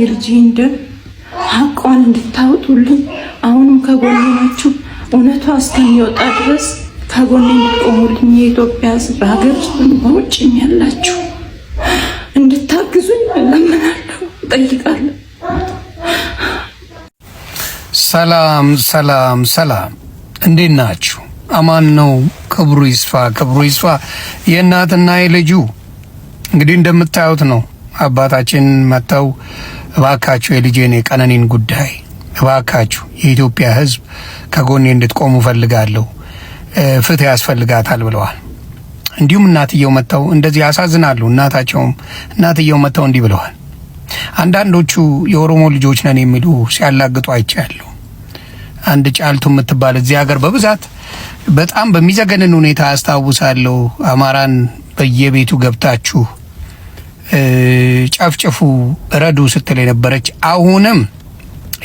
የልጄን ደም ሐቋን እንድታወጡልኝ አሁንም ከጎን ናችሁ። እውነቷ እስከሚወጣ ድረስ ከጎን እንድትቆሙልኝ የኢትዮጵያ ሕዝብ በሀገር ውስጥም በውጭም ያላችሁ እንድታግዙኝ እለምናለሁ፣ እጠይቃለሁ። ሰላም ሰላም ሰላም፣ እንዴት ናችሁ? አማን ነው። ክብሩ ይስፋ፣ ክብሩ ይስፋ። የእናትና የልጁ እንግዲህ እንደምታዩት ነው አባታችን መጥተው እባካችሁ የልጄን የቀነኒን ጉዳይ እባካችሁ የኢትዮጵያ ሕዝብ ከጎኔ እንድትቆሙ ፈልጋለሁ፣ ፍትህ ያስፈልጋታል ብለዋል። እንዲሁም እናትየው መጥተው እንደዚህ ያሳዝናሉ። እናታቸውም እናትየው መጥተው እንዲህ ብለዋል። አንዳንዶቹ የኦሮሞ ልጆች ነን የሚሉ ሲያላግጡ አይቻለሁ። አንድ ጫልቱ የምትባል እዚህ ሀገር በብዛት በጣም በሚዘገንን ሁኔታ አስታውሳለሁ። አማራን በየቤቱ ገብታችሁ ጨፍጭፉ ረዱ ስትል የነበረች አሁንም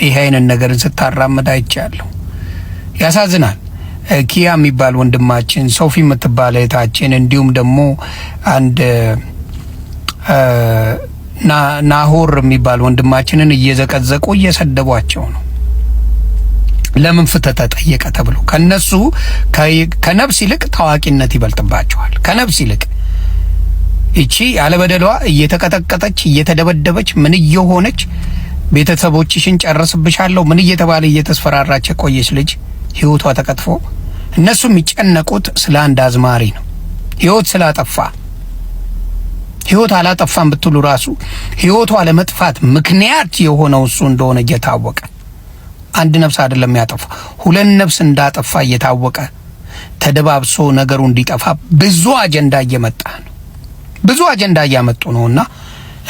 ይህ አይነት ነገርን ስታራምድ አይቻለሁ። ያሳዝናል። ኪያ የሚባል ወንድማችን፣ ሶፊ የምትባል እህታችን እንዲሁም ደግሞ አንድ ናሆር የሚባል ወንድማችንን እየዘቀዘቁ እየሰደቧቸው ነው። ለምን ፍትህ ተጠየቀ ተብሎ ከነሱ ከነብስ ይልቅ ታዋቂነት ይበልጥባቸዋል። ከነብስ ይልቅ እቺ ያለበደሏ እየተቀጠቀጠች እየተደበደበች ምን እየሆነች ቤተሰቦችሽን ጨርስብሻለሁ ምን እየተባለ እየተስፈራራች የቆየች ልጅ ህይወቷ ተቀጥፎ እነሱ የሚጨነቁት ስለ አንድ አዝማሪ ነው። ህይወት ስላጠፋ ህይወት አላጠፋም ብትሉ ራሱ ህይወቷ ለመጥፋት ምክንያት የሆነው እሱ እንደሆነ እየታወቀ አንድ ነፍስ አይደለም ያጠፋ ሁለት ነፍስ እንዳጠፋ እየታወቀ ተደባብሶ ነገሩ እንዲጠፋ ብዙ አጀንዳ እየመጣ ነው። ብዙ አጀንዳ እያመጡ ነውና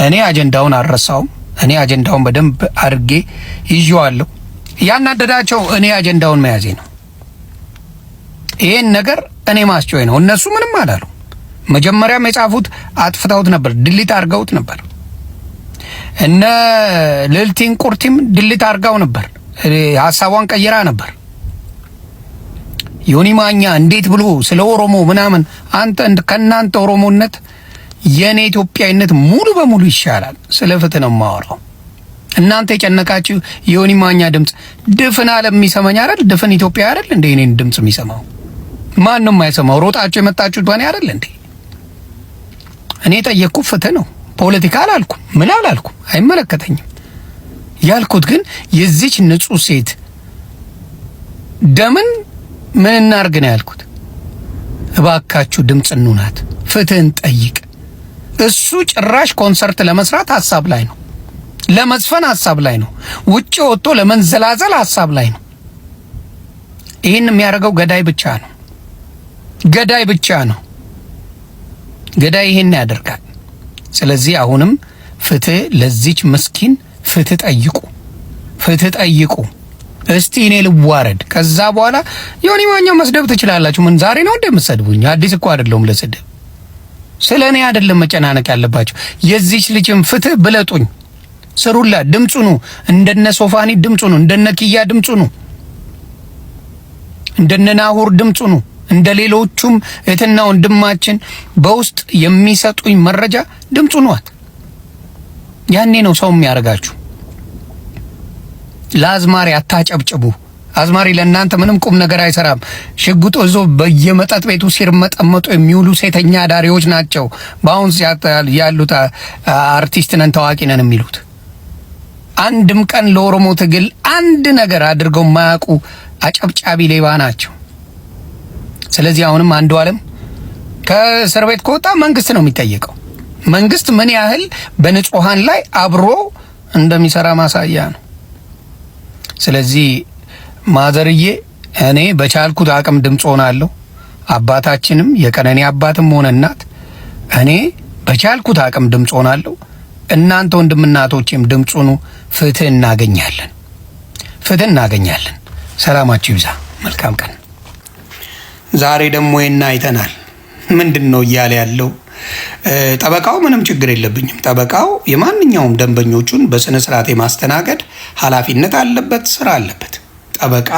እኔ አጀንዳውን አልረሳውም። እኔ አጀንዳውን በደንብ አድርጌ ይዤዋለሁ። ያናደዳቸው እኔ አጀንዳውን መያዜ ነው። ይሄን ነገር እኔ ማስጮይ ነው። እነሱ ምንም አላሉ። መጀመሪያም የጻፉት አጥፍተውት ነበር፣ ድሊት አድርገውት ነበር። እነ ልልቲን ቁርቲም ድሊት አድርገው ነበር፣ ሀሳቧን ቀይራ ነበር። ዮኒ ማኛ እንዴት ብሎ ስለ ኦሮሞ ምናምን አንተ ከእናንተ ኦሮሞነት የእኔ ኢትዮጵያዊነት ሙሉ በሙሉ ይሻላል። ስለ ፍትህ ነው የማወራው። እናንተ የጨነቃችሁ የዮኒ ማኛ ድምፅ ድፍን አለም የሚሰማኝ አይደል? ድፍን ኢትዮጵያ አይደል እንዴ እኔን ድምፅ የሚሰማው? ማን ነው የማይሰማው? ሮጣችሁ የመጣችሁት ባኔ አይደል እንዴ? እኔ ጠየቅኩ ፍትህ ነው። ፖለቲካ አላልኩም፣ ምን አላልኩም፣ አይመለከተኝም። ያልኩት ግን የዚች ንጹህ ሴት ደምን ምን እናርግ ነው ያልኩት። እባካችሁ ድምፅ ኑ ፍትህን ጠይቅ እሱ ጭራሽ ኮንሰርት ለመስራት ሀሳብ ላይ ነው፣ ለመዝፈን ሀሳብ ላይ ነው፣ ውጭ ወጥቶ ለመንዘላዘል ሀሳብ ላይ ነው። ይህን የሚያደርገው ገዳይ ብቻ ነው። ገዳይ ብቻ ነው። ገዳይ ይህን ያደርጋል። ስለዚህ አሁንም ፍትህ ለዚች ምስኪን ፍትህ ጠይቁ፣ ፍትህ ጠይቁ። እስቲ እኔ ልዋረድ። ከዛ በኋላ ዮኒ ማኛው መስደብ ትችላላችሁ። ምን ዛሬ ነው እንደምትሰድቡኝ? አዲስ እኮ አይደለሁም ለስድብ ስለ እኔ አይደለም መጨናነቅ ያለባቸው። የዚች ልጅም ፍትህ ብለጡኝ፣ ስሩላ ድምፁ ኑ እንደነ ሶፋኒ ድምፁ ኑ እንደነ ኪያ ድምፁ ኑ እንደነ ናሁር ድምፁ ኑ እንደ ሌሎቹም እህትና ወንድማችን በውስጥ የሚሰጡኝ መረጃ ድምፁ ነዋት። ያኔ ነው ሰው የሚያደርጋችሁ። ለአዝማሪ አታጨብጭቡ። አዝማሪ ለእናንተ ምንም ቁም ነገር አይሰራም። ሽጉጥ እዞ በየመጠጥ ቤቱ ሲርመጠመጡ የሚውሉ ሴተኛ አዳሪዎች ናቸው። በአሁን ያሉት አርቲስት ነን ታዋቂ ነን የሚሉት አንድም ቀን ለኦሮሞ ትግል አንድ ነገር አድርገው የማያውቁ አጨብጫቢ ሌባ ናቸው። ስለዚህ አሁንም አንዱ አለም ከእስር ቤት ከወጣ መንግስት ነው የሚጠየቀው። መንግስት ምን ያህል በንጹሐን ላይ አብሮ እንደሚሰራ ማሳያ ነው። ስለዚህ ማዘርዬ እኔ በቻልኩት አቅም ድምፅ ሆናለሁ። አባታችንም የቀነኔ አባትም ሆነ እናት እኔ በቻልኩት አቅም ድምፅ ሆናለሁ። እናንተ ወንድምናቶቼም ድምፁኑ ፍትህ እናገኛለን፣ ፍትህ እናገኛለን። ሰላማችሁ ይብዛ። መልካም ቀን። ዛሬ ደግሞ ይና አይተናል። ምንድን ነው እያለ ያለው ጠበቃው? ምንም ችግር የለብኝም። ጠበቃው የማንኛውም ደንበኞቹን በስነ ስርዓት የማስተናገድ ኃላፊነት አለበት፣ ስራ አለበት። ጠበቃ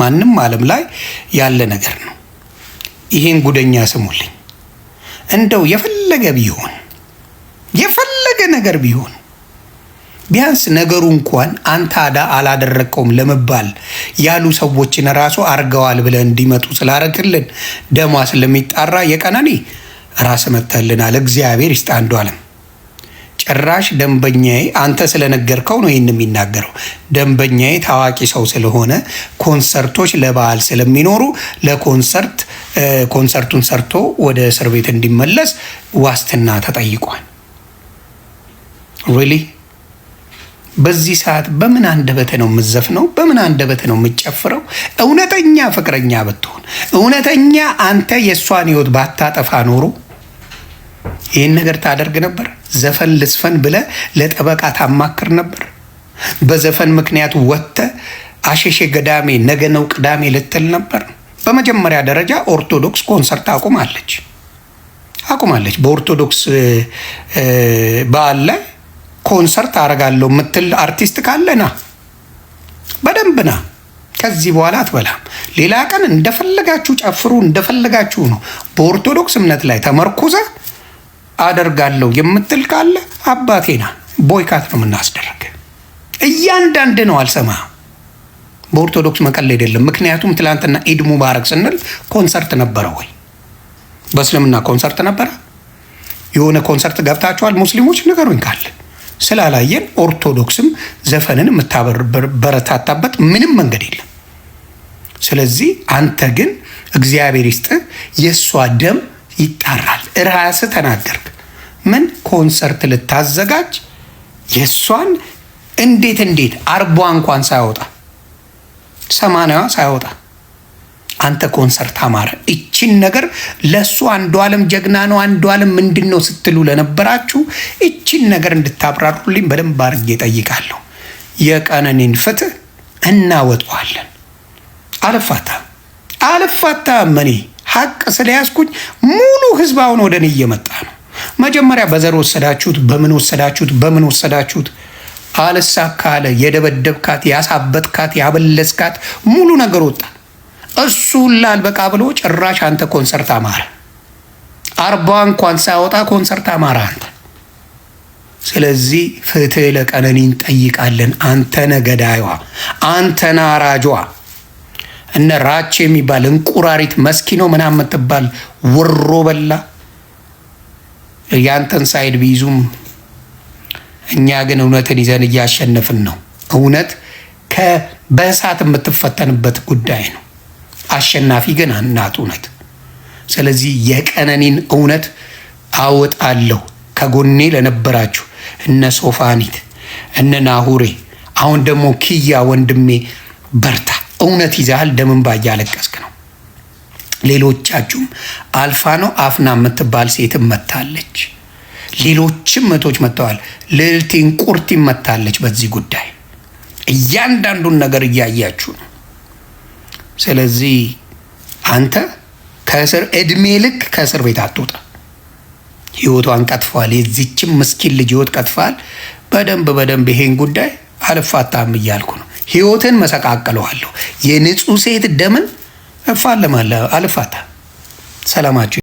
ማንም ዓለም ላይ ያለ ነገር ነው። ይሄን ጉደኛ ስሙልኝ። እንደው የፈለገ ቢሆን የፈለገ ነገር ቢሆን ቢያንስ ነገሩ እንኳን አንተ አዳ አላደረግከውም ለመባል ያሉ ሰዎችን ራሱ አርገዋል ብለህ እንዲመጡ ስላረክልን ደሟ ስለሚጣራ የቀነኒ ራስ መተልናል። እግዚአብሔር ይስጥ አንዱ ዓለም ጭራሽ ደንበኛዬ አንተ ስለነገርከው ነው ይህን የሚናገረው። ደንበኛዬ ታዋቂ ሰው ስለሆነ ኮንሰርቶች ለበዓል ስለሚኖሩ ለኮንሰርት ኮንሰርቱን ሰርቶ ወደ እስር ቤት እንዲመለስ ዋስትና ተጠይቋል። ሪሊ በዚህ ሰዓት በምን አንደበተ ነው የምዘፍነው? በምን አንደበተ ነው የምጨፍረው? እውነተኛ ፍቅረኛ ብትሆን፣ እውነተኛ አንተ የእሷን ህይወት ባታጠፋ ኖሮ ይህን ነገር ታደርግ ነበር? ዘፈን ልስፈን ብለ ለጠበቃ ታማክር ነበር? በዘፈን ምክንያት ወጥተ አሸሼ ገዳሜ ነገ ነው ቅዳሜ ልትል ነበር? በመጀመሪያ ደረጃ ኦርቶዶክስ ኮንሰርት አቁማለች አቁማለች። በኦርቶዶክስ በዓል ላይ ኮንሰርት አረጋለሁ የምትል አርቲስት ካለ ና በደንብ ና። ከዚህ በኋላ አትበላም። ሌላ ቀን እንደፈለጋችሁ ጨፍሩ፣ እንደፈለጋችሁ ነው። በኦርቶዶክስ እምነት ላይ ተመርኩዘ አደርጋለሁ የምትል ካለ አባቴና ቦይካት ነው የምናስደርግ። እያንዳንድ ነው አልሰማ በኦርቶዶክስ መቀል አይደለም። ምክንያቱም ትላንትና ኢድ ሙባረክ ስንል ኮንሰርት ነበረ ወይ? በእስልምና ኮንሰርት ነበረ? የሆነ ኮንሰርት ገብታችኋል ሙስሊሞች? ንገሩኝ ካለ ስላላየን ኦርቶዶክስም ዘፈንን የምታበረታታበት ምንም መንገድ የለም። ስለዚህ አንተ ግን እግዚአብሔር ይስጥ የእሷ ደም ይጣራል። ራስ ተናገርክ። ምን ኮንሰርት ልታዘጋጅ የእሷን እንዴት እንዴት አርቧ እንኳን ሳያወጣ ሰማንያዋ ሳያወጣ አንተ ኮንሰርት አማረ። ይችን ነገር ለእሱ አንዱ አለም ጀግና ነው አንዱ አለም ምንድን ነው ስትሉ ለነበራችሁ ይችን ነገር እንድታብራሩልኝ በደንብ አድርጌ እጠይቃለሁ። የቀነኒን ፍትህ እናወጣዋለን። አልፋታ አልፋታ መኔ ሀቅ ስለያዝኩኝ ሙሉ ህዝብ አሁን ወደ እኔ እየመጣ ነው። መጀመሪያ በዘር ወሰዳችሁት፣ በምን ወሰዳችሁት፣ በምን ወሰዳችሁት። አልሳካ አለ። የደበደብካት፣ ያሳበጥካት፣ ያበለስካት ሙሉ ነገር ወጣ። እሱን ላልበቃ ብሎ ጭራሽ አንተ ኮንሰርት አማረ። አርባ እንኳን ሳያወጣ ኮንሰርት አማረ አንተ። ስለዚህ ፍትህ ለቀነኒ እንጠይቃለን። አንተ ገዳዩዋ፣ አንተነ አራጇ እነ ራቼ የሚባል እንቁራሪት መስኪኖ ምናምን የምትባል ወሮ በላ ያንተን ሳይድ ቢይዙም እኛ ግን እውነትን ይዘን እያሸነፍን ነው። እውነት በእሳት የምትፈተንበት ጉዳይ ነው። አሸናፊ ግን እናት እውነት። ስለዚህ የቀነኒን እውነት አወጣለሁ። ከጎኔ ለነበራችሁ እነ ሶፋኒት እነ ናሁሬ፣ አሁን ደግሞ ኪያ ወንድሜ በርታ እውነት ይዘሃል፣ ደም እንባ እያለቀስክ ነው። ሌሎቻችሁም አልፋ ነው አፍና የምትባል ሴትም መታለች። ሌሎችም እህቶች መጥተዋል። ልዕልቲን ቁርት ይመታለች። በዚህ ጉዳይ እያንዳንዱን ነገር እያያችሁ ነው። ስለዚህ አንተ ከእስር እድሜ ልክ ከእስር ቤት አትወጣ። ህይወቷን ቀጥፈዋል። የዚችም ምስኪን ልጅ ህይወት ቀጥፈዋል። በደንብ በደንብ ይሄን ጉዳይ አልፋታም እያልኩ ነው። ህይወትን መሰቃቅለዋለሁ። የንጹህ ሴት ደምን እፋለማለ አልፋታ ሰላማችሁ